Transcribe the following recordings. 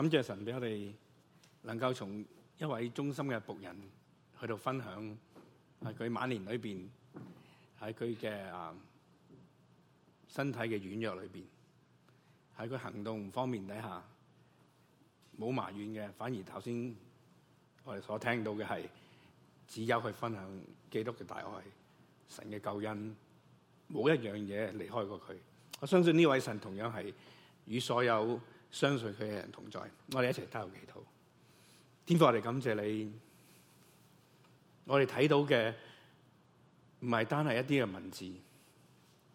感謝神俾我哋能夠從一位忠心嘅僕人去到分享，喺佢晚年裏邊，喺佢嘅身體嘅軟弱裏邊，喺佢行動唔方便底下，冇埋怨嘅，反而頭先我哋所聽到嘅係，只有去分享基督嘅大愛，神嘅救恩，冇一樣嘢離開過佢。我相信呢位神同樣係與所有相信佢嘅人同在，我哋一齊加入祈禱。天父，我哋感謝你，我哋睇到嘅唔係單係一啲嘅文字，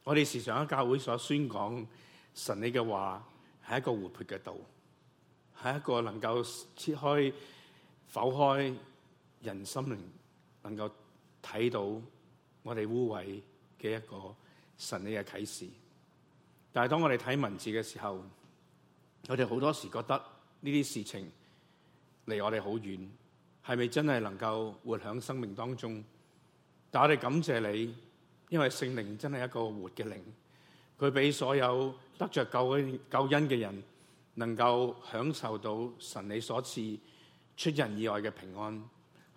我哋時常喺教會所宣講神理嘅話，係一個活潑嘅道，係一個能夠切開、剖開人心靈，能夠睇到我哋污穢嘅一個神理嘅啟示。但係當我哋睇文字嘅時候，我哋好多時覺得呢啲事情離我哋好遠，係咪真係能夠活響生命當中？但我哋感謝你，因為聖靈真係一個活嘅靈，佢俾所有得着救恩、救恩嘅人，能夠享受到神你所賜出人意外嘅平安，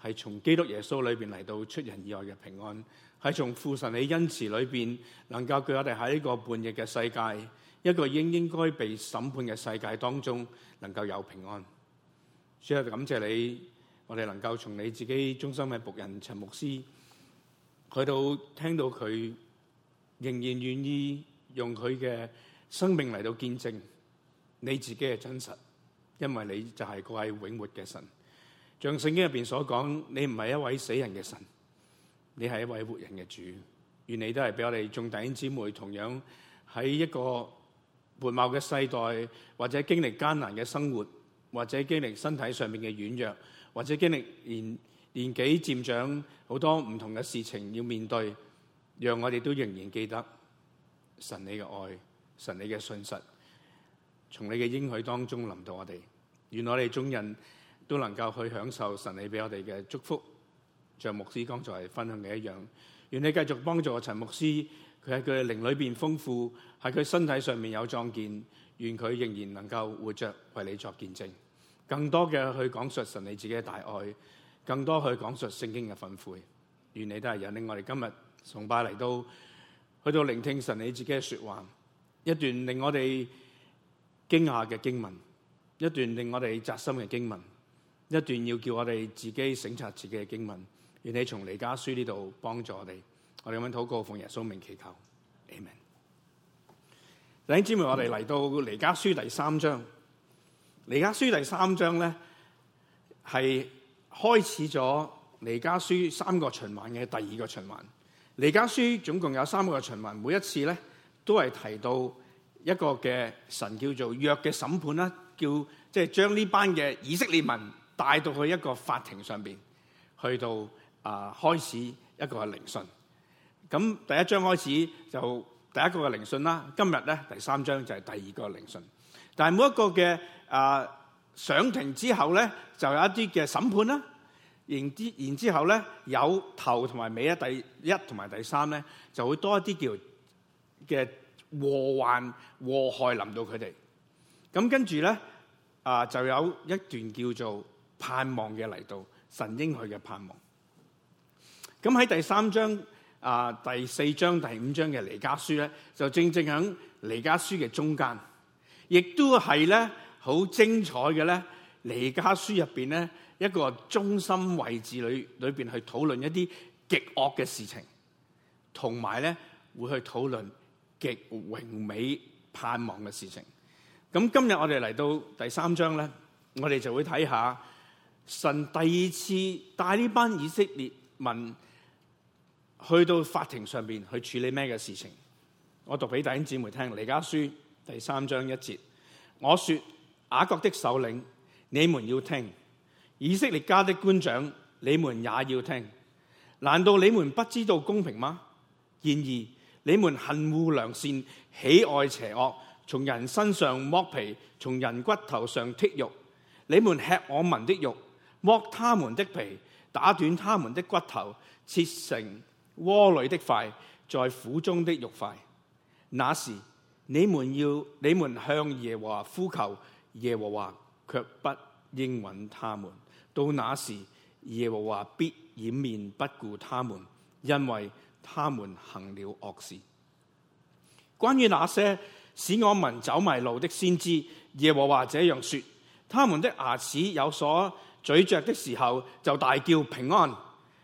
係從基督耶穌裏邊嚟到出人意外嘅平安，係從父神你恩慈裏邊，能夠叫我哋喺呢個叛逆嘅世界。一個應應該被審判嘅世界當中，能夠有平安。所以，感謝你，我哋能夠從你自己忠心嘅僕人陳牧師，去到聽到佢仍然願意用佢嘅生命嚟到見證你自己嘅真實，因為你就係嗰位永活嘅神。像聖經入邊所講，你唔係一位死人嘅神，你係一位活人嘅主。願你都係俾我哋眾弟兄姊妹同樣喺一個。面貌嘅世代，或者經歷艱難嘅生活，或者經歷身體上面嘅軟弱，或者經歷年年紀漸長，好多唔同嘅事情要面對，讓我哋都仍然記得神你嘅愛，神你嘅信實，從你嘅應許當中臨到我哋。願我哋眾人都能夠去享受神你俾我哋嘅祝福，像牧師剛才分享嘅一樣。願你繼續幫助陳牧師。佢喺佢嘅靈裏邊豐富，喺佢身體上面有壯健，願佢仍然能夠活着為你作見證，更多嘅去講述神你自己嘅大愛，更多去講述聖經嘅豐富，願你都係引領我哋今日崇拜嚟到，去到聆聽神你自己嘅說話，一段令我哋驚訝嘅經文，一段令我哋紮心嘅經文，一段要叫我哋自己省察自己嘅經文，願你從彌迦書呢度幫助我哋。我哋咁樣禱告，奉耶穌名祈求，阿門。弟兄姊妹，我哋嚟到彌迦書第三章，彌迦書第三章咧係開始咗彌迦書三個循環嘅第二個循環。彌迦書總共有三個循環，每一次咧都係提到一個嘅神叫做約嘅審判啦，叫即係、就是、將呢班嘅以色列民帶到去一個法庭上邊，去到啊、呃、開始一個聆訊。咁第一章開始就第一個嘅聆訊啦，今日咧第三章就係第二個聆訊，但係每一個嘅啊上庭之後咧，就有一啲嘅審判啦，然之然之後咧有頭同埋尾啦，第一同埋第三咧就會多一啲叫嘅禍患禍害臨到佢哋，咁跟住咧啊就有一段叫做盼望嘅嚟到神應許嘅盼望，咁喺第三章。啊，第四章、第五章嘅《彌迦書》咧，就正正喺《彌迦書》嘅中間，亦都係咧好精彩嘅咧，《彌迦書》入邊咧一個中心位置裡裡邊去討論一啲極惡嘅事情，同埋咧會去討論極榮美盼望嘅事情。咁今日我哋嚟到第三章咧，我哋就會睇下神第二次帶呢班以色列民。去到法庭上面去處理咩嘅事情？我讀俾弟兄姊妹聽，《彌迦書》第三章一節，我說雅各的首領，你們要聽，以色列家的官長，你們也要聽。難道你們不知道公平嗎？然而你們恨惡良善，喜愛邪惡，從人身上剝皮，從人骨頭上剔肉，你們吃我民的肉，剝他們的皮，打斷他們的骨頭，切成鍋裏的塊，在釜中的肉塊。那時你們要你們向耶和華呼求，耶和華却不應允他們。到那時，耶和華必掩面不顧他們，因為他們行了惡事。關於那些使我民走迷路的先知，耶和華這樣說：他們的牙齒有所咀嚼的時候，就大叫平安。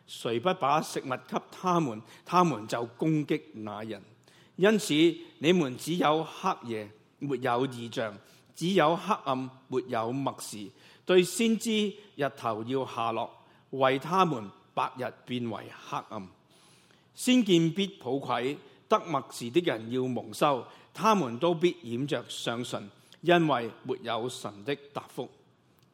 誰不把食物給他們，他們就攻擊那人。因此你們只有黑夜，沒有異象；只有黑暗，沒有默示。對先知日頭要下落，為他們白日變為黑暗。先見必抱愧，得默示的人要蒙羞。他們都必掩着上唇，因為沒有神的答覆。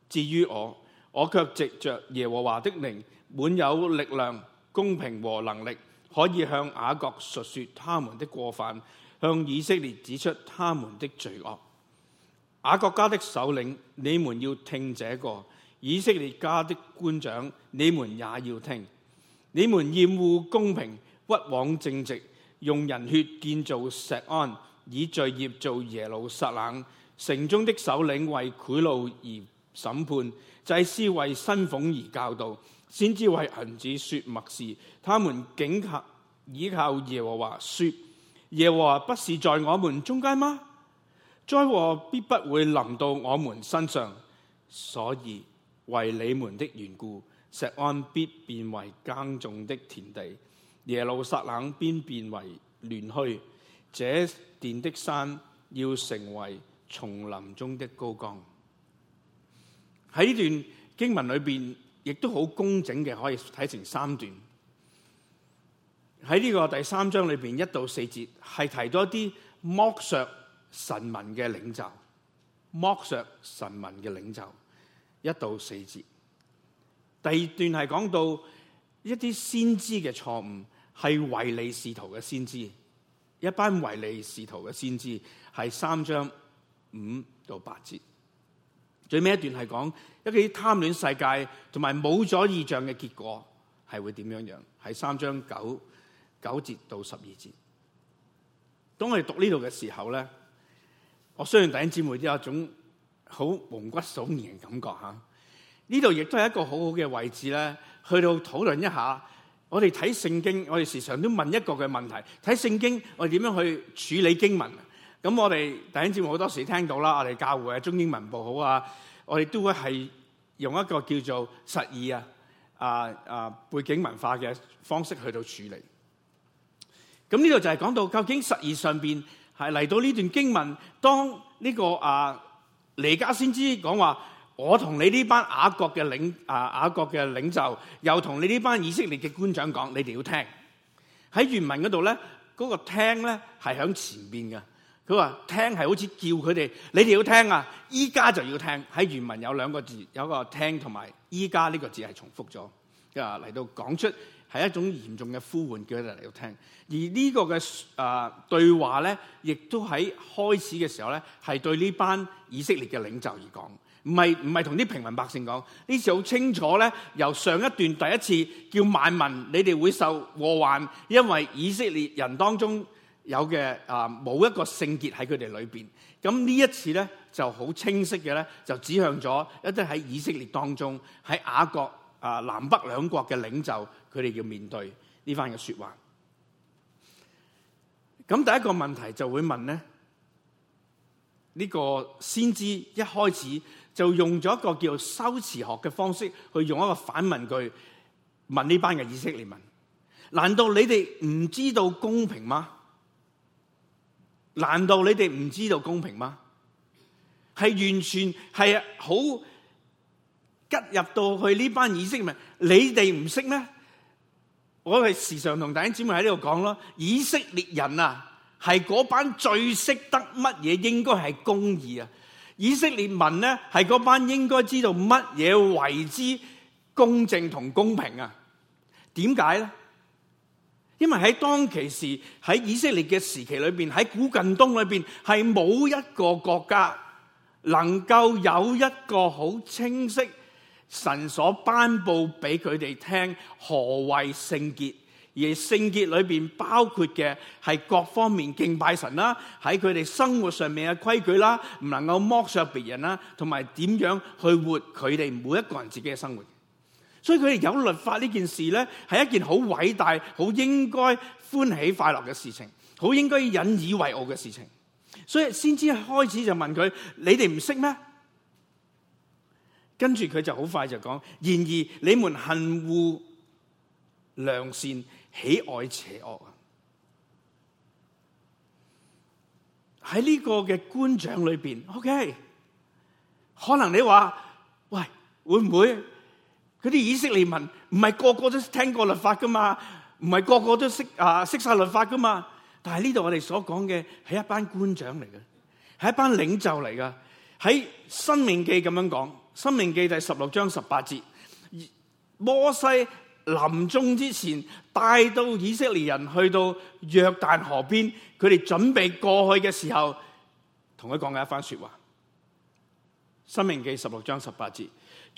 至於我，我卻藉著耶和華的靈。滿有力量、公平和能力，可以向雅各述説他們的過犯，向以色列指出他們的罪惡。雅各家的首領，你們要聽這個；以色列家的官長，你們也要聽。你們厭惡公平，屈枉正直，用人血建造錫安，以罪孽做耶路撒冷。城中的首領為賄賂而審判，祭司為薪俸而教導。先知為銀子說默示，他們竟靠倚靠耶和華說：耶和華不是在我們中間嗎？災禍必不會臨到我們身上，所以為你們的緣故，錫安必變為耕種的田地，耶路撒冷必變為亂墟，這殿的山要成為叢林中的高岡。喺呢段經文裏邊。亦都好工整嘅，可以睇成三段。喺呢個第三章裏邊一到四節係提到一啲剝削神民嘅領袖，剝削神民嘅領袖一到四節。第二段係講到一啲先知嘅錯誤，係唯利是圖嘅先知，一班唯利是圖嘅先知係三章五到八節。最尾一段係講一啲貪戀世界同埋冇咗意象嘅結果係會點樣樣？喺三章九九節到十二節，當我哋讀呢度嘅時候咧，我相信弟兄姊妹都有一種好毛骨悚然嘅感覺吓。呢度亦都係一個好好嘅位置咧，去到討論一下我哋睇聖經，我哋時常都問一個嘅問題：睇聖經我哋點樣去處理經文？咁我哋第一節目好多時候聽到啦，我哋教會嘅中英文部。好啊，我哋都會係用一個叫做實義啊、啊啊背景文化嘅方式去到處理。咁呢度就係講到究竟實義上邊係嚟到呢段經文，當呢個啊彌迦先知講話，我同你呢班雅各嘅領啊,啊雅各嘅領袖，又同你呢班以色列嘅官長講，你哋要聽。喺原文嗰度咧，嗰個聽咧係喺前邊嘅。佢話聽係好似叫佢哋，你哋要聽啊！依家就要聽。喺原文有兩個字，有一個聽同埋依家呢個字係重複咗。啊，嚟到講出係一種嚴重嘅呼喚，叫佢哋嚟到聽。而呢個嘅啊、呃、對話咧，亦都喺開始嘅時候咧，係對呢班以色列嘅領袖而講，唔係唔係同啲平民百姓講。呢次好清楚咧，由上一段第一次叫萬民，你哋會受禍患，因為以色列人當中。有嘅啊，冇一個聖潔喺佢哋裏邊。咁呢一次咧，就好清晰嘅咧，就指向咗一啲喺以色列當中，喺亞國啊南北兩國嘅領袖，佢哋要面對呢番嘅説話。咁第一個問題就會問咧，呢、呢個先知一開始就用咗一個叫修辭學嘅方式，去用一個反問句問呢班嘅以色列民：「難道你哋唔知道公平嗎？難道你哋唔知道公平嗎？係完全係好吉入到去呢班以色列民，你哋唔識咩？我係時常同弟兄姊妹喺呢度講咯，以色列人啊，係嗰班最識得乜嘢應該係公義啊！以色列民呢，係嗰班應該知道乜嘢為之公正同公平啊。點解呢？因為喺當其時喺以色列嘅時期裏邊，喺古近東裏邊，係冇一個國家能夠有一個好清晰神所頒布俾佢哋聽何謂聖潔，而聖潔裏邊包括嘅係各方面敬拜神啦，喺佢哋生活上面嘅規矩啦，唔能夠剝削別人啦，同埋點樣去活佢哋每一個人自己嘅生活。所以佢哋有律法呢件事咧，係一件好偉大、好應該歡喜快樂嘅事情，好應該引以為傲嘅事情。所以先至開始就問佢：你哋唔識咩？跟住佢就好快就講，然而你們恨惡良善、喜愛邪惡啊！喺呢個嘅官長裏邊，OK，可能你話：喂，會唔會？嗰啲以色列民唔係個個都聽過律法噶嘛，唔係個個都識啊識晒律法噶嘛。但係呢度我哋所講嘅係一班官長嚟嘅，係一班領袖嚟噶。喺《申命記》咁樣講，《申命記》第十六章十八節，摩西臨終之前帶到以色列人去到約旦河邊，佢哋準備過去嘅時候，同佢講嘅一番說話，《申命記》十六章十八節。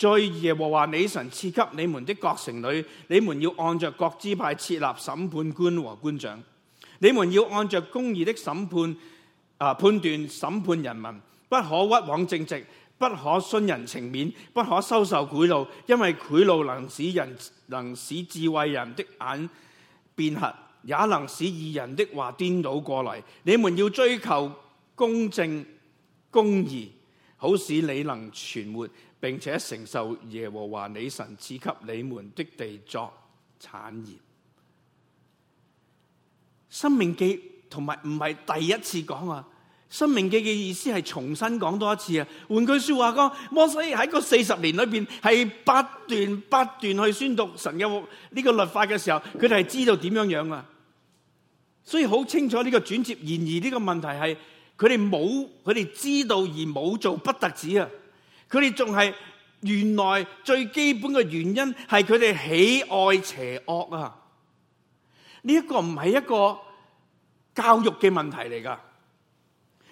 在耶和華你神賜給你們的各城裏，你們要按着各支派設立審判官和官長。你們要按着公義的審判、呃、判斷審判人民，不可屈枉正直，不可徇人情面，不可收受賄賂，因為賄賂能使人能使智慧人的眼變瞎，也能使義人的話顛倒過嚟。你們要追求公正公義，好使你能存活。並且承受耶和華你神賜給你們的地作產業。申命記，同埋唔係第一次講啊，申命記嘅意思係重新講多一次啊。換句話說話講，摩西喺個四十年裏邊係不斷不斷去宣讀神嘅呢個律法嘅時候，佢哋係知道點樣樣啊。所以好清楚呢個轉接，然而呢個問題係佢哋冇，佢哋知道而冇做不特止啊。佢哋仲係原來最基本嘅原因係佢哋喜愛邪惡啊！呢一個唔係一個教育嘅問題嚟噶，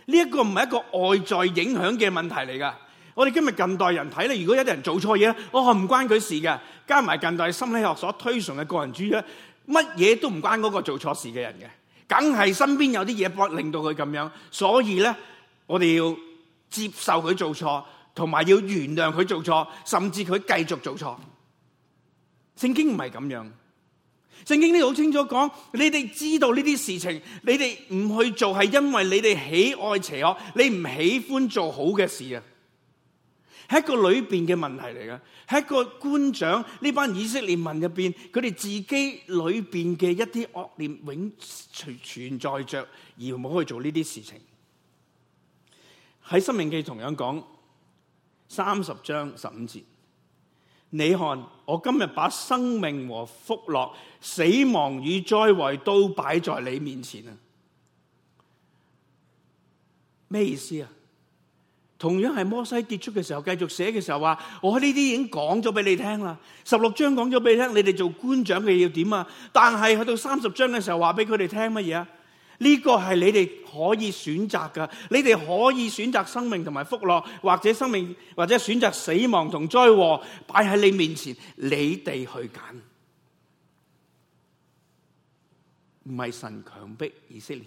呢一個唔係一個外在影響嘅問題嚟噶。我哋今日近代人睇咧，如果有啲人做錯嘢咧，我話唔關佢事嘅。加埋近代心理學所推崇嘅個人主義咧，乜嘢都唔關嗰個做錯事嘅人嘅，梗係身邊有啲嘢令到佢咁樣。所以咧，我哋要接受佢做錯。同埋要原諒佢做錯，甚至佢繼續做錯。聖經唔係咁樣，聖經呢好清楚講：你哋知道呢啲事情，你哋唔去做係因為你哋喜愛邪惡，你唔喜歡做好嘅事啊！係一個裏邊嘅問題嚟嘅，係一個官長呢班以色列民入邊，佢哋自己裏邊嘅一啲惡念永存存在着，而冇去做呢啲事情。喺《申命記》同樣講。三十章十五節，你看我今日把生命和福樂、死亡與災禍都擺在你面前啊！咩意思啊？同樣係摩西結束嘅時候，繼續寫嘅時候話：我呢啲已經講咗俾你聽啦。十六章講咗俾你聽，你哋做官長嘅要點啊？但係去到三十章嘅時候，話俾佢哋聽乜嘢啊？呢個係你哋可以選擇嘅，你哋可以選擇生命同埋福樂，或者生命或者選擇死亡同災禍擺喺你面前，你哋去揀，唔係神強迫以色列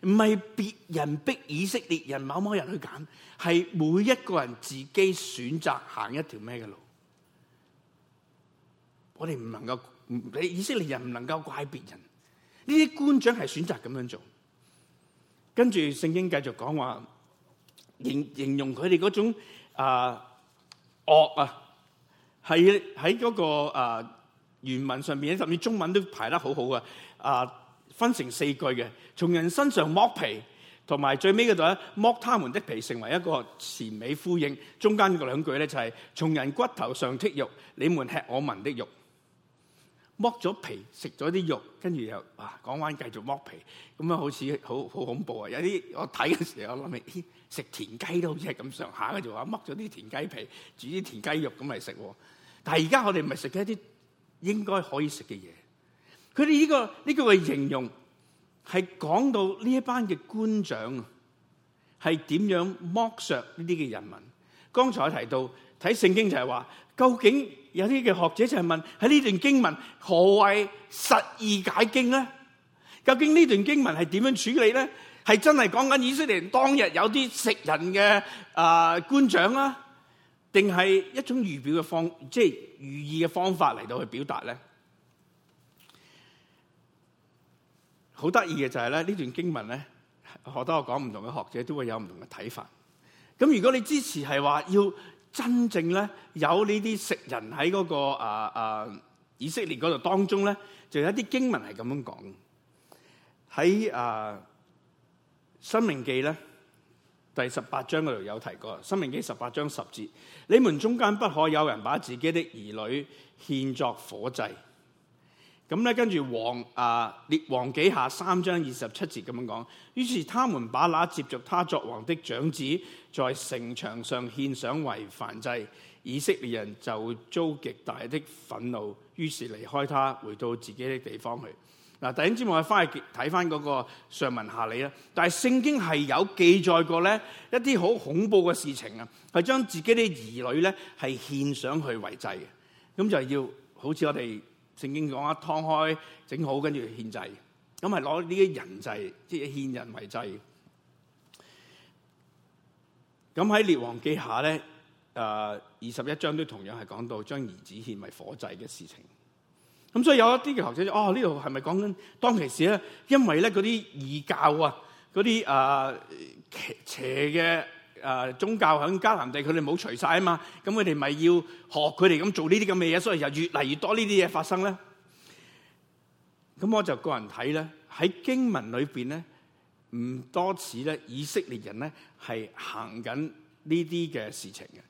人揀，唔係別人逼以色列人某某人去揀，係每一個人自己選擇行一條咩嘅路，我哋唔能夠，你以色列人唔能夠怪別人。呢啲官長係選擇咁樣做，跟住聖經繼續講話，形，形容佢哋嗰種啊惡啊，係喺嗰個啊原文上邊，甚至中文都排得好好噶，啊分成四句嘅，從人身上剝皮，同埋最尾嗰度咧剝他們的皮，成為一個首尾呼應，中間嗰兩句咧就係從人骨頭上剔肉，你們吃我民的肉。剝咗皮，食咗啲肉，跟住又啊，講完繼續剝皮，咁樣好似好好恐怖啊！有啲我睇嘅時候，我諗起哎、食田雞都好似係咁上下嘅，就話剝咗啲田雞皮，煮啲田雞肉咁嚟食。但係而家我哋唔係食緊一啲應該可以食嘅嘢。佢哋呢個呢、呢個嘅形容係講到呢一班嘅官長係點樣剝削呢啲嘅人民。剛才我提到。睇聖經就係話，究竟有啲嘅學者就係問喺呢段經文何謂實意解經咧？究竟呢段經文係點樣處理咧？係真係講緊以色列人當日有啲食人嘅啊、呃、官長啊，定係一種預表嘅方，即係寓意嘅方法嚟到去表達咧？好得意嘅就係、是、咧，呢段經文咧，好多我講唔同嘅學者都會有唔同嘅睇法。咁如果你支持係話要，真正咧有呢啲食人喺嗰個啊啊以色列嗰度當中咧，就有一啲經文係咁樣講。喺啊《申命記》呢咧第十八章嗰度有提過，《申命記》十八章十節，你們中間不可有人把自己的兒女獻作火祭。咁咧，跟住王啊，列王幾下三章二十七節咁樣講。於是他們把那接著他作王的長子，在城牆上獻上為燔祭。以色列人就遭極大的憤怒，於是離開他，回到自己的地方去。嗱，第一節我哋翻去睇翻嗰個上文下理啦。但係聖經係有記載過咧，一啲好恐怖嘅事情啊，係將自己啲兒女咧係獻上去為祭嘅。咁就要好似我哋。聖經講啊，劏開整好，跟住獻祭，咁係攞呢啲人祭，即係獻人為祭。咁喺列王記下咧，誒二十一章都同樣係講到將兒子獻為火祭嘅事情。咁所以有一啲嘅學者就哦，這裏是不是呢度係咪講緊當其時咧？因為咧嗰啲異教啊，嗰啲誒邪邪嘅。啊、呃！宗教喺迦南地，佢哋冇除晒啊嘛，咁佢哋咪要學佢哋咁做呢啲咁嘅嘢，所以就越嚟越多呢啲嘢發生咧。咁我就個人睇咧，喺經文裏邊咧，唔多似咧以色列人咧係行緊呢啲嘅事情嘅。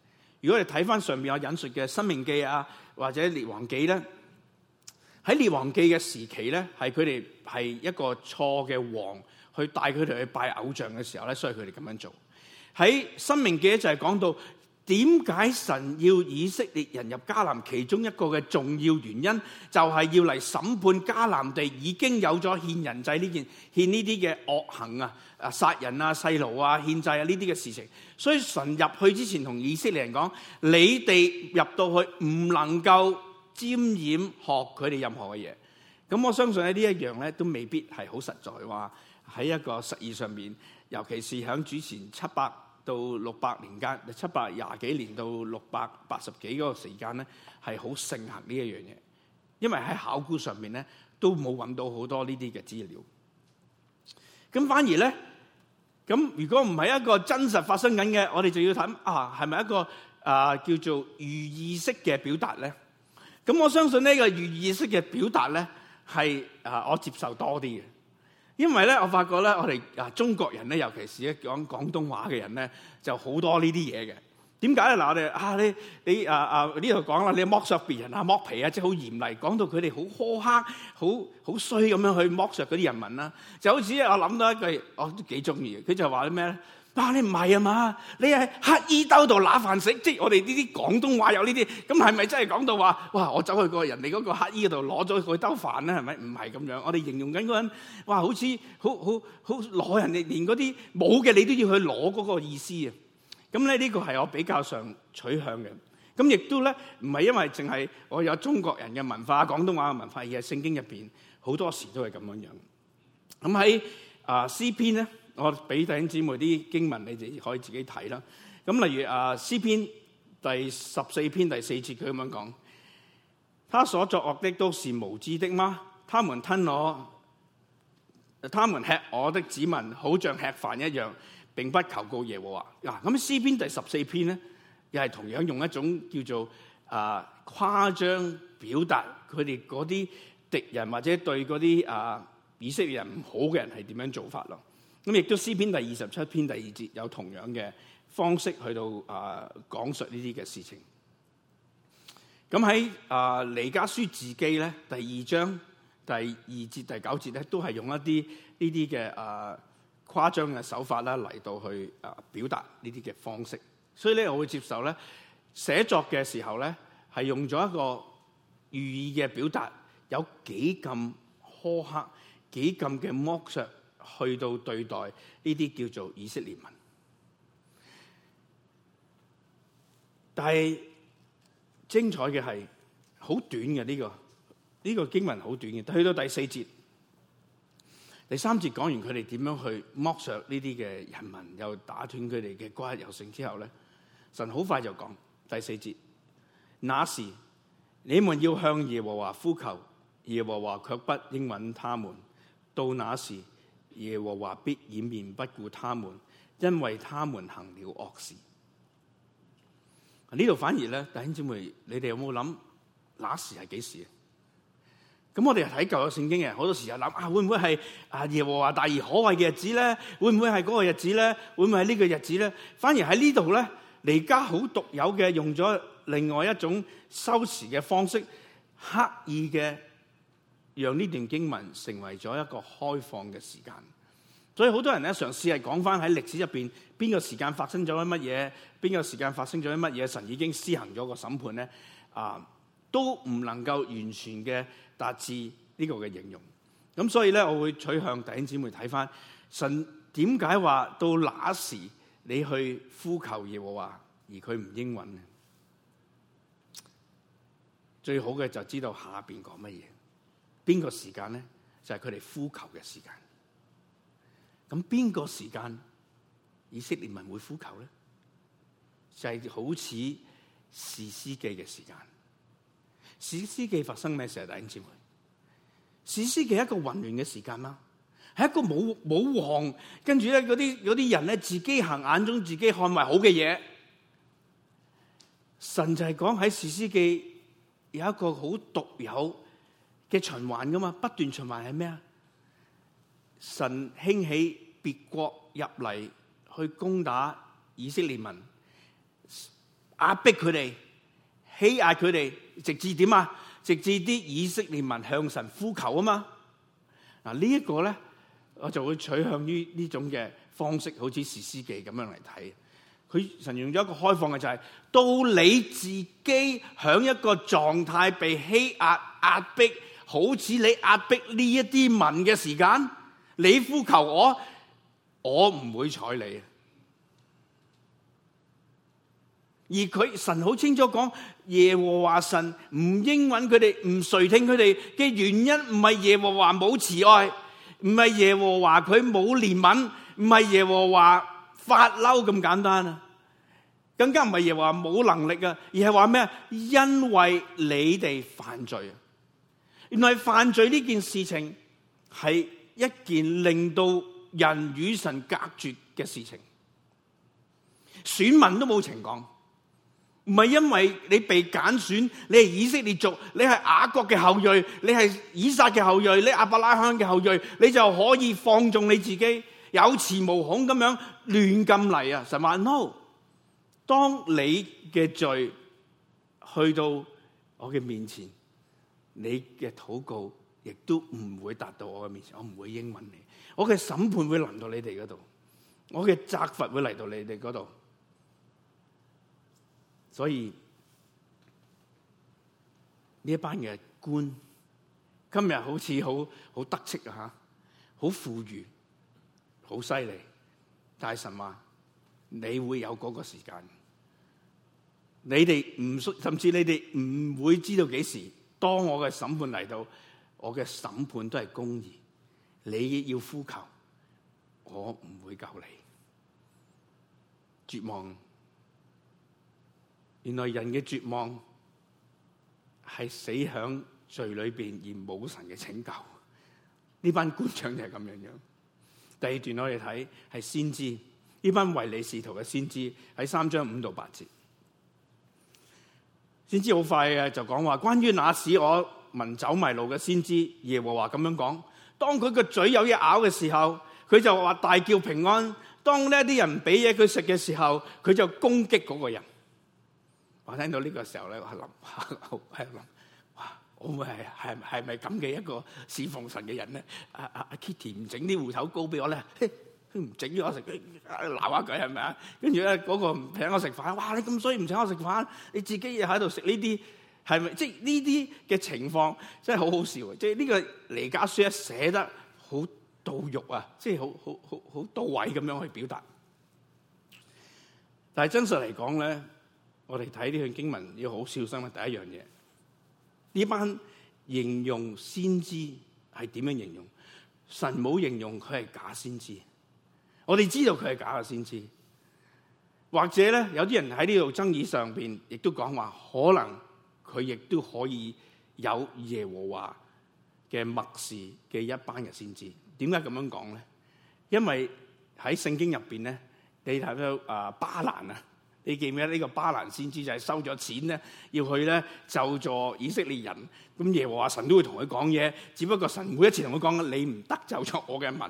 如果你睇翻上面有引述嘅《生命記》啊，或者《列王記呢》咧，喺《列王記》嘅時期咧，係佢哋係一個錯嘅王去帶佢哋去拜偶像嘅時候咧，所以佢哋咁樣做。喺申命記就係咧講到點解神要以色列人入迦南，其中一個嘅重要原因就係要嚟審判迦南地已經有咗獻人祭呢件獻呢啲嘅惡行啊，啊殺人啊、細路啊、獻祭啊呢啲嘅事情。所以神入去之前同以色列人講：你哋入到去唔能夠沾染學佢哋任何嘅嘢。咁我相信喺呢一樣咧都未必係好實在，話喺一個實驗上面，尤其是響主前七百到六百年間，七百廿幾年到六百八十幾嗰個時間咧，係好盛行呢一樣嘢，因為喺考古上面咧，都冇揾到好多呢啲嘅資料。咁反而咧，咁如果唔係一個真實發生緊嘅，我哋就要睇啊，係咪一個啊叫做寓意式嘅表達咧？咁我相信呢個寓意式嘅表達咧，係啊我接受多啲嘅。因為咧，我發覺咧，我哋啊中國人咧，尤其是咧講廣東話嘅人咧、啊啊啊啊，就好多呢啲嘢嘅。點解咧？嗱，我哋啊，你你啊啊呢度講啦，你剝削別人啊，剝皮啊，即係好嚴厲，講到佢哋好苛刻、好好衰咁樣去剝削嗰啲人民啦。就好似我諗到一句，我都幾中意嘅，佢就話啲咩咧？哇！你唔係啊嘛？你喺乞衣兜度攞飯食，即係我哋呢啲廣東話有呢啲，咁係咪真係講到話？哇！我走去個人哋嗰個乞衣嗰度攞咗佢兜飯咧，係咪？唔係咁樣，我哋形容緊個人，哇！好似好好好攞人哋，連嗰啲冇嘅你都要去攞嗰個意思啊！咁咧呢個係我比較上取向嘅。咁亦都咧唔係因為淨係我有中國人嘅文化、廣東話嘅文化，而係聖經入邊好多時都係咁樣樣。咁喺啊詩篇咧。我俾弟兄姊妹啲經文，你哋可以自己睇啦。咁例如啊，詩篇第十四篇第四節佢咁樣講：他所作惡的都是無知的嗎？他們吞我，他們吃我的子民，好像吃飯一樣，並不求告耶和華。嗱，咁喺詩篇第十四篇咧，又係同樣用一種叫做啊誇張表達佢哋嗰啲敵人或者對嗰啲啊以色列人唔好嘅人係點樣做法咯。咁亦都詩篇第二十七篇第二節有同樣嘅方式去到啊、呃、講述呢啲嘅事情。咁喺啊彌迦書自己咧第二章第二節第九節咧都係用一啲呢啲嘅啊誇張嘅手法啦嚟到去啊表達呢啲嘅方式。所以咧我會接受咧寫作嘅時候咧係用咗一個寓意嘅表達，有幾咁苛刻幾咁嘅剝削。去到對待呢啲叫做以色列民，但係精彩嘅係好短嘅呢、呢個呢、呢個經文好短嘅，去到第四節，第三節講完佢哋點樣去剝削呢啲嘅人民，又打斷佢哋嘅割肉性之後咧，神好快就講第四節：那時你們要向耶和華呼求，耶和華卻不應允他們。到那時。耶和華必掩面不顧他們，因為他們行了惡事。呢度反而咧，弟兄姊妹，你哋有冇諗，那時係幾時？咁我哋又睇舊約聖經嘅，好多時又諗啊，會唔會係啊耶和華大而可畏嘅日子咧？會唔會係嗰個日子咧？會唔會係呢個日子咧？反而喺呢度咧，彌迦好獨有嘅，用咗另外一種修辭嘅方式，刻意嘅。讓呢段經文成為咗一個開放嘅時間，所以好多人咧，嘗試係講翻喺歷史入邊邊個時間發生咗啲乜嘢，邊個時間發生咗啲乜嘢，神已經施行咗個審判咧，啊，都唔能夠完全嘅達至呢個嘅形容。咁所以咧，我會取向弟兄姊妹睇翻神點解話到那時你去呼求耶和華，而佢唔應允呢？最好嘅就知道下邊講乜嘢。邊個時間咧，就係佢哋呼求嘅時間。咁邊個時間以色列民會呼求咧？就係、是，好似士師記嘅時間。士師記發生咩事啊？弟兄姊妹，士師記係一個混亂嘅時間啦，係一個冇冇王，跟住咧嗰啲啲人咧自己行眼中自己看為好嘅嘢。神就係講喺士師記有一個好獨有。嘅循環噶嘛，不斷循環係咩啊？神興起別國入嚟去攻打以色列民，壓迫佢哋，欺壓佢哋，直至點啊？直至啲以色列民向神呼求啊嘛。嗱、這個、呢一個咧，我就會取向於呢種嘅方式，好似士師記咁樣嚟睇。佢神用咗一個開放嘅，就係、是，到你自己響一個狀態被欺壓、壓迫。好似你壓迫呢一啲民嘅時間，你呼求我，我唔會睬你。而佢神好清楚講，耶和華神唔應允佢哋，唔垂聽佢哋嘅原因，唔係耶和華冇慈愛，唔係耶和華佢冇憐憫，唔係耶和華發嬲咁簡單啊！更加唔係耶和華冇能力啊，而係話咩？因為你哋犯罪啊！原來犯罪呢件事情係一件令到人與神隔絕嘅事情，選民都冇情講，唔係因為你被揀選，你係以色列族，你係雅各嘅後裔，你係以撒嘅後裔，你是亞伯拉罕嘅後裔，你就可以放縱你自己，有恃無恐咁樣亂咁嚟啊！神話 no，當你嘅罪去到我嘅面前，你嘅禱告亦都唔會達到我嘅面前，我唔會應允你。我嘅審判會臨到你哋嗰度，我嘅責罰會嚟到你哋嗰度。所以呢一班嘅官今日好似好好得戚吓，好富裕，好犀利，大神話、啊、你會有嗰個時間，你哋唔甚至你哋唔會知道幾時。當我嘅審判嚟到，我嘅審判都係公義。你也要呼求，我唔會救你。絕望，原來人嘅絕望係死喺罪裏面而冇神嘅拯救。呢班官長就係咁樣樣。第二段我哋睇係先知，呢班唯利是圖嘅先知喺三章五到八節。先知好快啊，就講話關於那使我民走迷路嘅先知耶和華咁樣講。當佢個嘴有嘢咬嘅時候，佢就話大叫平安。當呢啲人唔俾嘢佢食嘅時候，佢就攻擊嗰個人。我聽到呢個時候咧，我係諗，係諗，哇，我會係係係咪咁嘅一個侍奉神嘅人咧？阿、啊、阿阿、啊、Kitty 唔整啲芋頭糕俾我咧？佢唔整咗我食，佢鬧下鬼係咪啊？跟住咧，嗰個唔請我食飯，哇！你咁衰唔請我食飯，你自己又喺度食呢啲，係咪？即呢啲嘅情況真係好好笑，即即呢個彌迦書寫得好到肉啊，即好好好好到位咁樣去表達。但係真實嚟講咧，我哋睇呢段經文要好小心嘅第一樣嘢，呢班形容先知係點樣形容？神冇形容佢係假先知。我哋知道佢係假嘅先知，或者呢，有啲人喺呢度爭議上邊，亦都講話可能佢亦都可以有耶和華嘅默示嘅一班人先知。點解咁樣講咧？因為喺聖經入邊咧，你睇到巴蘭啊你記唔記得呢個巴蘭先知就係收咗錢咧，要去咧就助以色列人。咁耶和華神都會同佢講嘢，只不過神每一次同佢講，你唔得就錯我嘅民，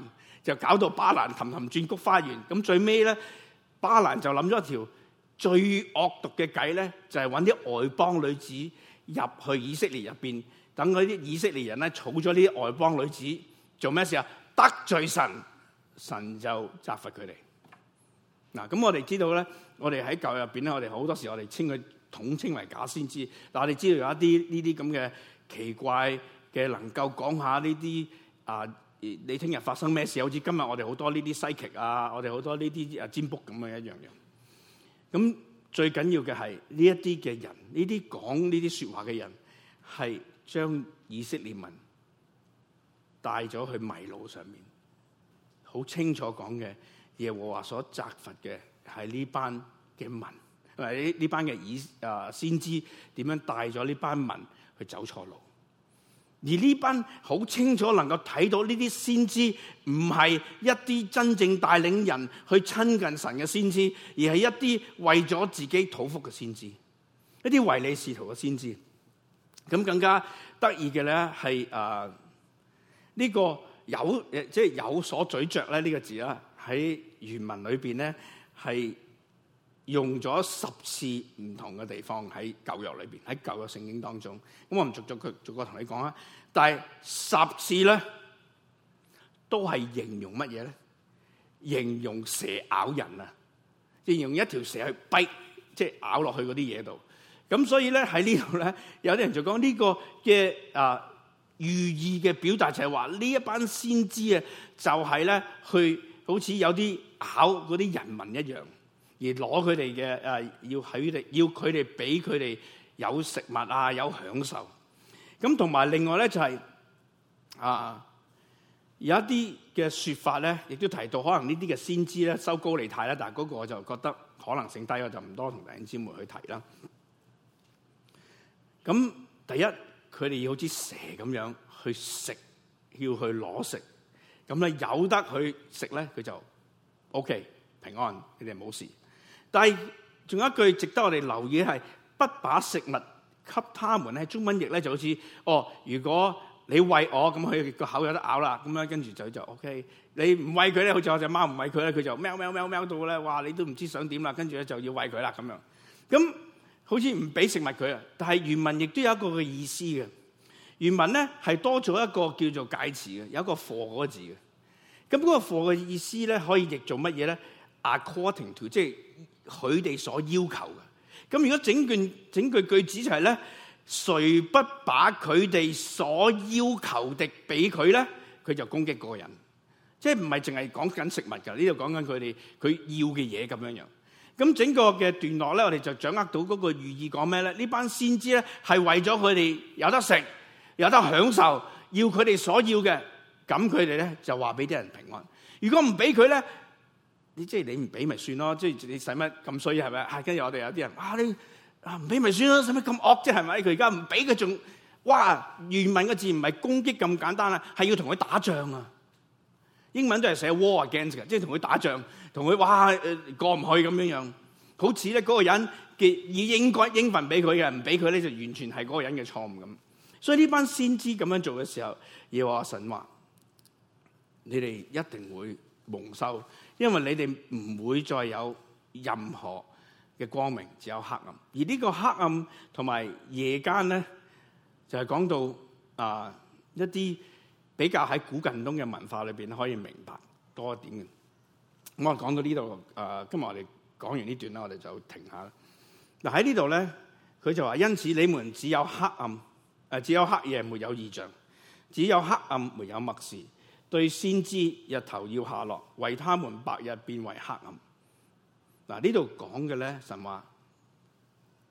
就搞到巴蘭氹氹轉菊花園。咁最尾咧，巴蘭就諗咗一條最惡毒嘅計咧，就係搵啲外邦女子入去以色列入面，等嗰啲以色列人咧儲咗呢啲外邦女子做咩事啊？得罪神，神就責罰佢哋。嗱，咁我哋知道咧，我哋喺教入邊咧，我哋好多時我哋稱佢統稱為假先知。但我哋知道有一啲呢啲咁嘅奇怪嘅，能夠講下呢啲啊，你聽日發生咩事？好似今日我哋好多呢啲西劇啊，我哋好多呢啲啊占卜咁嘅一樣樣。咁最緊要嘅係呢一啲嘅人，呢啲講呢啲說話嘅人，係將以色列民帶咗去迷路上面，好清楚講嘅。耶和華所責罰嘅係呢班嘅民，係呢呢班嘅以啊先知點樣帶咗呢班民去走錯路？而呢班好清楚能夠睇到呢啲先知唔係一啲真正帶領人去親近神嘅先知，而係一啲為咗自己討福嘅先知，一啲唯利是圖嘅先知。咁更加得意嘅咧，係啊呢個有誒即係有所咀嚼咧呢個字啦。喺原文裏邊咧，係用咗十次唔同嘅地方喺舊約裏邊，喺舊約聖經當中。咁我唔逐逐句逐個同你講啊。但係十次咧，都係形容乜嘢咧？形容蛇咬人啊！形容一條蛇去逼，即係咬落去嗰啲嘢度。咁所以咧喺呢度咧，有啲人就講呢個嘅啊、呃、寓意嘅表達就係話呢一班先知啊，就係咧去。好似有啲咬嗰啲人民一樣，而攞佢哋嘅誒，要佢哋要佢哋俾佢哋有食物啊，有享受。咁同埋另外咧就係啊，有一啲嘅説法咧，亦都提到可能呢啲嘅先知咧收高利貸啦，但係嗰個我就覺得可能性低，我就唔多同弟兄姊妹去提啦。咁第一，佢哋要好似蛇咁樣去食，要去攞食。咁咧有得佢食咧，佢就 OK，平安，佢哋冇事。但係仲有一句值得我哋留意係：不把食物給他們咧。中文譯咧就好似哦，如果你餵我，咁佢個口有得咬啦，咁樣跟住就就 OK。你唔餵佢咧，好似我隻貓唔餵佢咧，佢就喵喵喵喵到咧，哇！你都唔知想點啦，跟住咧就要餵佢啦咁樣。咁好似唔俾食物佢啊，但係原文亦都有一個嘅意思嘅。原文咧係多咗一個叫做介詞嘅，有一個 for 嗰個字嘅。咁嗰個 for 嘅意思咧可以譯做乜嘢咧？According to，即係佢哋所要求嘅。咁如果整段整句句子就係咧，誰不把佢哋所要求的俾佢咧，佢就，就攻擊嗰個人。即係唔係淨係講緊食物㗎？呢度講緊佢哋佢要嘅嘢咁樣樣。咁整個嘅段落咧，我哋就掌握到嗰個寓意講咩咧？呢班先知咧係為咗佢哋有得食。有得享受，要佢哋所要嘅，咁佢哋咧就話俾啲人平安。如果唔俾佢咧，你即係你唔俾咪算咯？即係你使乜咁衰係咪？跟住我哋有啲人，啊，你啊，唔俾咪算咯？使乜咁惡啫？係咪？佢而家唔俾佢仲，哇，原文個字唔係攻擊咁簡單啊，係要同佢打仗啊！英文都係寫 War Against 嘅，即係同佢打仗，同佢哇、呃、過唔去咁樣樣。好似咧嗰個人嘅，應應該應份俾佢嘅，唔俾佢咧就完全係嗰個人嘅錯誤咁。所以呢班先知咁樣做嘅時候，耶和華神話，你哋一定會蒙羞，因為你哋唔會再有任何嘅光明，只有黑暗。而呢個黑暗同埋夜間咧，就係、是、講到啊、呃、一啲比較喺古近東嘅文化裏邊可以明白多一點嘅、嗯呃。我講到呢度啊，今日我哋講完呢段啦，我哋就停下啦。嗱喺呢度咧，佢就話：因此你們只有黑暗。誒，只有黑夜沒有異象，只有黑暗沒有默示。對先知日頭要下落，為他們白日變為黑暗。嗱，呢度講嘅咧，神話，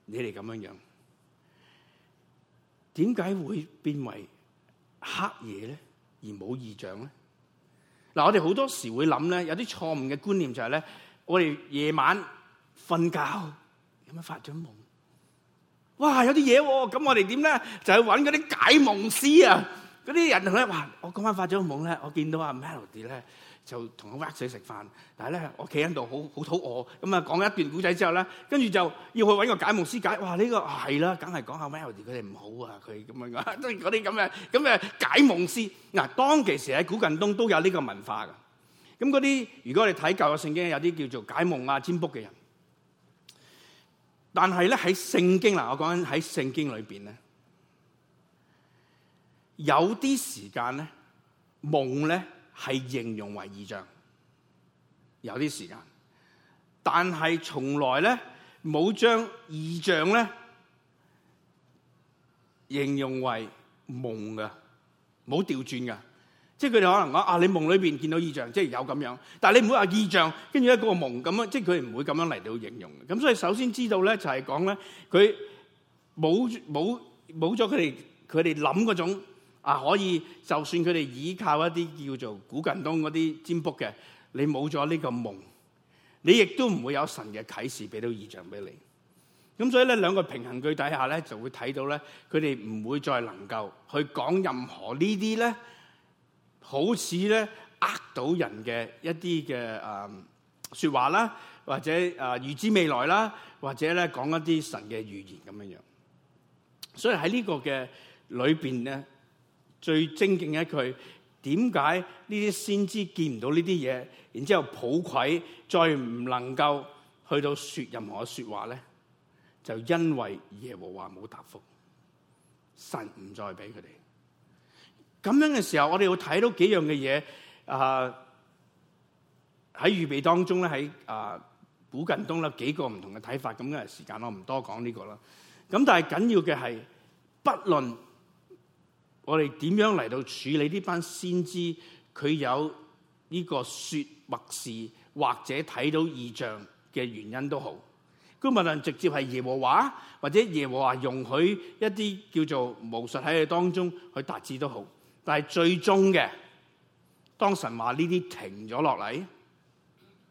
你哋咁樣樣，點解會變為黑夜咧？而冇異象咧？嗱，我哋好多時會諗咧，有啲錯誤嘅觀念就係咧，我哋夜晚瞓覺有乜發咗夢？哇！有啲嘢喎，咁我哋點咧？就去揾嗰啲解夢師啊！嗰啲人咧哇！我今晚發咗個夢咧，我見到啊 Melody 咧就同佢屈水食飯，但係咧我企喺度好好肚餓，咁啊講一段古仔之後咧，跟住就要去揾個解夢師解。哇！呢個係啦，梗係講下 Melody 佢哋唔好啊，佢咁樣講都係嗰啲咁嘅咁嘅解夢師。嗱，當其時喺古近東都有呢個文化嘅。咁嗰啲如果我哋睇舊嘅聖經，有啲叫做解夢啊、占卜嘅人。但是在喺聖經，嗱，我講緊喺聖經裏有啲時間呢，夢咧，係形容為意象，有啲時間，但係從來沒冇將意象呢形容為夢嘅，冇掉轉即係佢哋可能講啊，你夢裏邊見到異象，即係有咁樣。但係你唔會話異象，跟住咧嗰個夢咁樣，即係佢唔會咁樣嚟到形容嘅。咁所以首先知道咧，就係講咧，佢冇冇冇咗佢哋佢哋諗嗰種啊，可以就算佢哋依靠一啲叫做古近東嗰啲占卜嘅，你冇咗呢個夢，你亦都唔會有神嘅啟示俾到異象俾你。咁所以咧兩個平衡句底下咧，就會睇到咧，佢哋唔會再能夠去講任何這些呢啲咧。好似咧呃到人嘅一啲嘅誒說話啦，或者誒預知未來啦，或者咧講一啲神嘅預言咁樣樣。所以喺呢個嘅裏邊咧，最精警一句，點解呢啲先知見唔到呢啲嘢，然之後抱愧再唔能夠去到說任何說話咧？就因為耶和華冇答覆，神唔再俾佢哋。咁樣嘅時候，我哋會睇到幾樣嘅嘢，啊、呃、喺預備當中咧，喺啊、呃、古近東啦幾個唔同嘅睇法。咁嘅時間我唔多講呢個啦。咁但係緊要嘅係，不論我哋點樣嚟到處理呢班先知，佢有呢個說或事或者睇到異象嘅原因都好。咁無論直接係耶和華，或者耶和華容許一啲叫做巫術喺佢當中去達志都好。但係最終嘅，當神話呢啲停咗落嚟，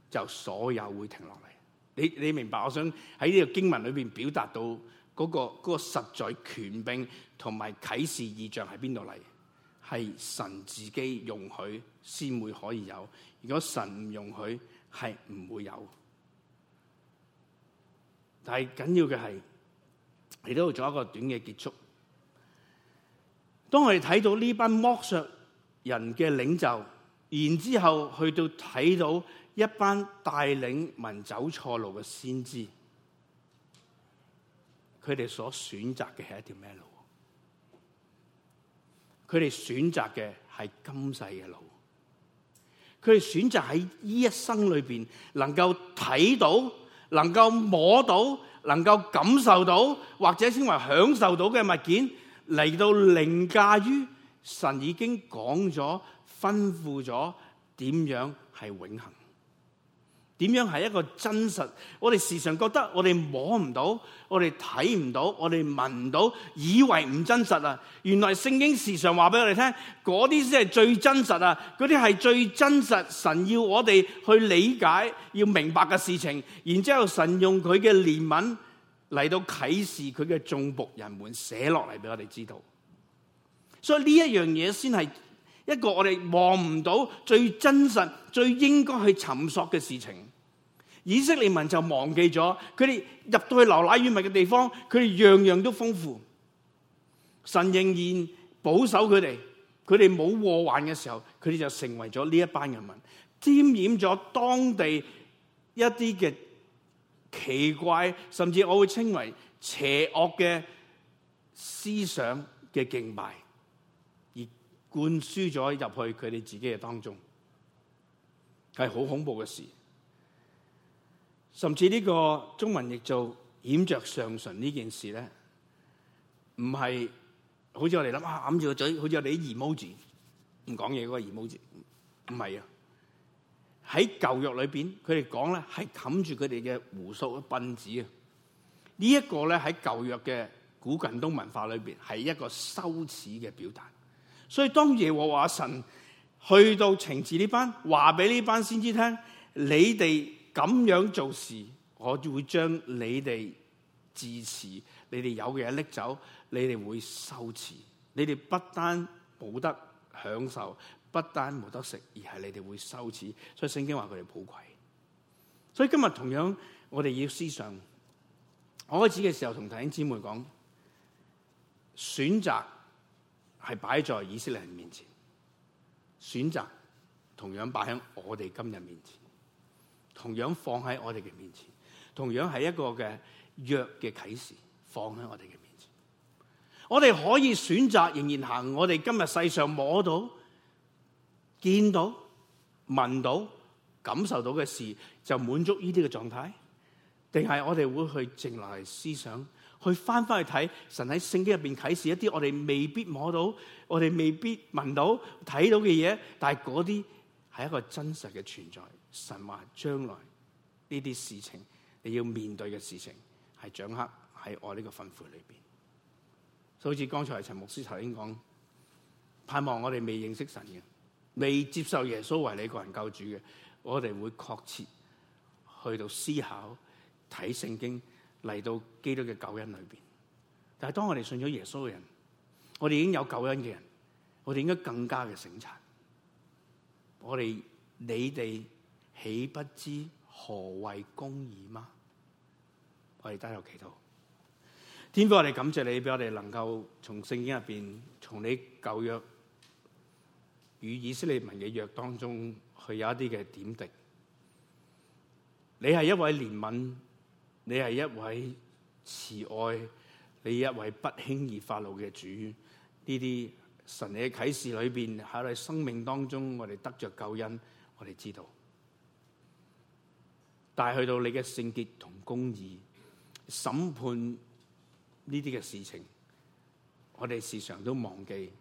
就所有會停落嚟。你你明白？我想喺呢個經文裏邊表達到嗰個嗰個實在權柄同埋啟示意象喺邊度嚟？係神自己容許先會可以有，如果神唔容許，係唔會有。但係緊要嘅係，嚟到做一個短嘅結束。當我哋睇到呢班剝削人嘅領袖，然之後去到睇到一班帶領民走錯路嘅先知，佢哋所選擇嘅係一條咩路？佢哋選擇嘅係今世嘅路。佢哋選擇喺呢一生裏邊能夠睇到、能夠摸到、能夠感受到或者稱為享受到嘅物件。嚟到凌駕於神已經講咗吩咐咗點樣係永恆，點樣係一個真實？我哋時常覺得我哋摸唔到，我哋睇唔到，我哋聞唔到，以為唔真實啊！原來聖經時常話俾我哋聽，嗰啲先係最真實啊！嗰啲係最真實，神要我哋去理解、要明白嘅事情。然之後神用佢嘅憐憫。嚟到啟示佢嘅眾僕人們寫落嚟俾我哋知道，所以呢一樣嘢先係一個我哋望唔到最真實、最應該去尋索嘅事情。以色列民就忘記咗，佢哋入到去流奶與蜜嘅地方，佢哋樣樣都豐富。神仍然保守佢哋，佢哋冇禍患嘅時候，佢哋就成為咗呢一班人民，沾染咗當地一啲嘅。奇怪，甚至我會稱為邪惡嘅思想嘅敬拜，而灌輸咗入去佢哋自己嘅當中，係好恐怖嘅事。甚至呢個中文譯做掩着上唇呢件事咧，唔係好似我哋諗，啊，揞住個嘴，好似我哋啲 emoji 唔講嘢嗰個 emoji，唔係啊。喺舊約裏邊，佢哋講咧係冚住佢哋嘅胡鬚嘅鬢子啊！呢、這、一個咧喺舊約嘅古近東文化裏邊係一個羞恥嘅表達。所以當耶和華神去到懲治呢班，話俾呢班先知聽：你哋咁樣做事，我會將你哋自持，你哋有嘅嘢拎走，你哋會羞恥，你哋不單冇得享受。不單冇得食，而係你哋會羞恥。所以聖經話佢哋抱愧。所以今日同樣，我哋要思想。我開始嘅時候同弟兄姐妹講，選擇係擺在以色列人面前，選擇同樣擺喺我哋今日面前，同樣放喺我哋嘅面前，同樣係一個嘅弱嘅啟示放喺我哋嘅面前。我哋可以選擇仍然行，我哋今日世上摸到、見到、聞到、感受到嘅事，就滿足呢啲嘅狀態，定係我哋會去靜落嚟思想，去翻翻去睇神喺聖經入邊啟示一啲我哋未必摸到、我哋未必聞到、睇到嘅嘢，但係嗰啲係一個真實嘅存在。神話將來呢啲事情，你要面對嘅事情，係掌握喺我呢個吩咐裏邊。就好似剛才陳牧師頭先講，盼望我哋未認識神嘅。未接受耶穌為你個人救主嘅，我哋會確切去到思考睇聖經嚟，到基督嘅救恩裏邊。但係當我哋信咗耶穌嘅人，我哋已經有救恩嘅人，我哋應該更加嘅省察。我哋，你哋豈不知何謂公義嗎？我哋低頭祈禱天父，我哋感謝你，俾我哋能夠從聖經入邊，從你舊約。與以色列民嘅約當中，佢有一啲嘅點滴。你係一位憐憫，你係一位慈愛，你是一位不輕易發怒嘅主。呢啲神嘅啟示裏邊喺你生命當中，我哋得着救恩，我哋知道。但係去到你嘅聖潔同公義審判呢啲嘅事情，我哋時常都忘記，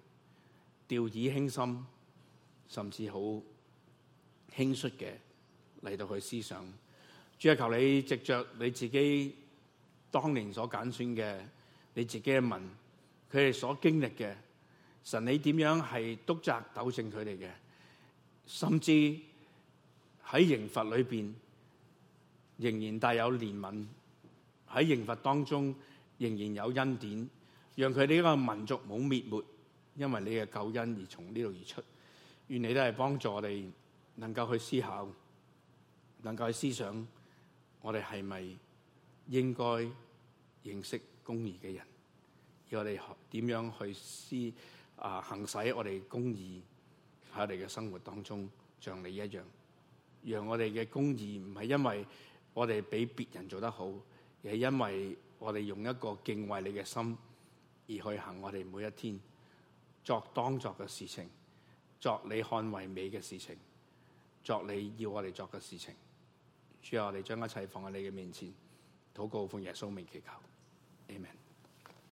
掉以輕心。甚至好輕率嘅嚟到佢思想，主啊，求你藉著你自己當年所揀選嘅，你自己嘅民，佢哋所經歷嘅神，你點樣係督責糾正佢哋嘅？甚至喺刑罰裏邊，仍然帶有憐憫；喺刑罰當中，仍然有恩典，讓佢哋呢個民族冇滅沒，因為你嘅救恩而從呢度而出。原嚟都係幫助我哋，能夠去思考，能夠去思想，我哋係咪應該認識公義嘅人？要我哋點樣去思啊？行使我哋公義喺我哋嘅生活當中，像你一樣，讓我哋嘅公義唔係因為我哋比別人做得好，而係因為我哋用一個敬畏你嘅心而去行我哋每一天作當作嘅事情。作你看為美嘅事情，作你要我哋作嘅事情，主啊，我哋將一切放喺你嘅面前，禱告，奉耶穌名祈求，阿門。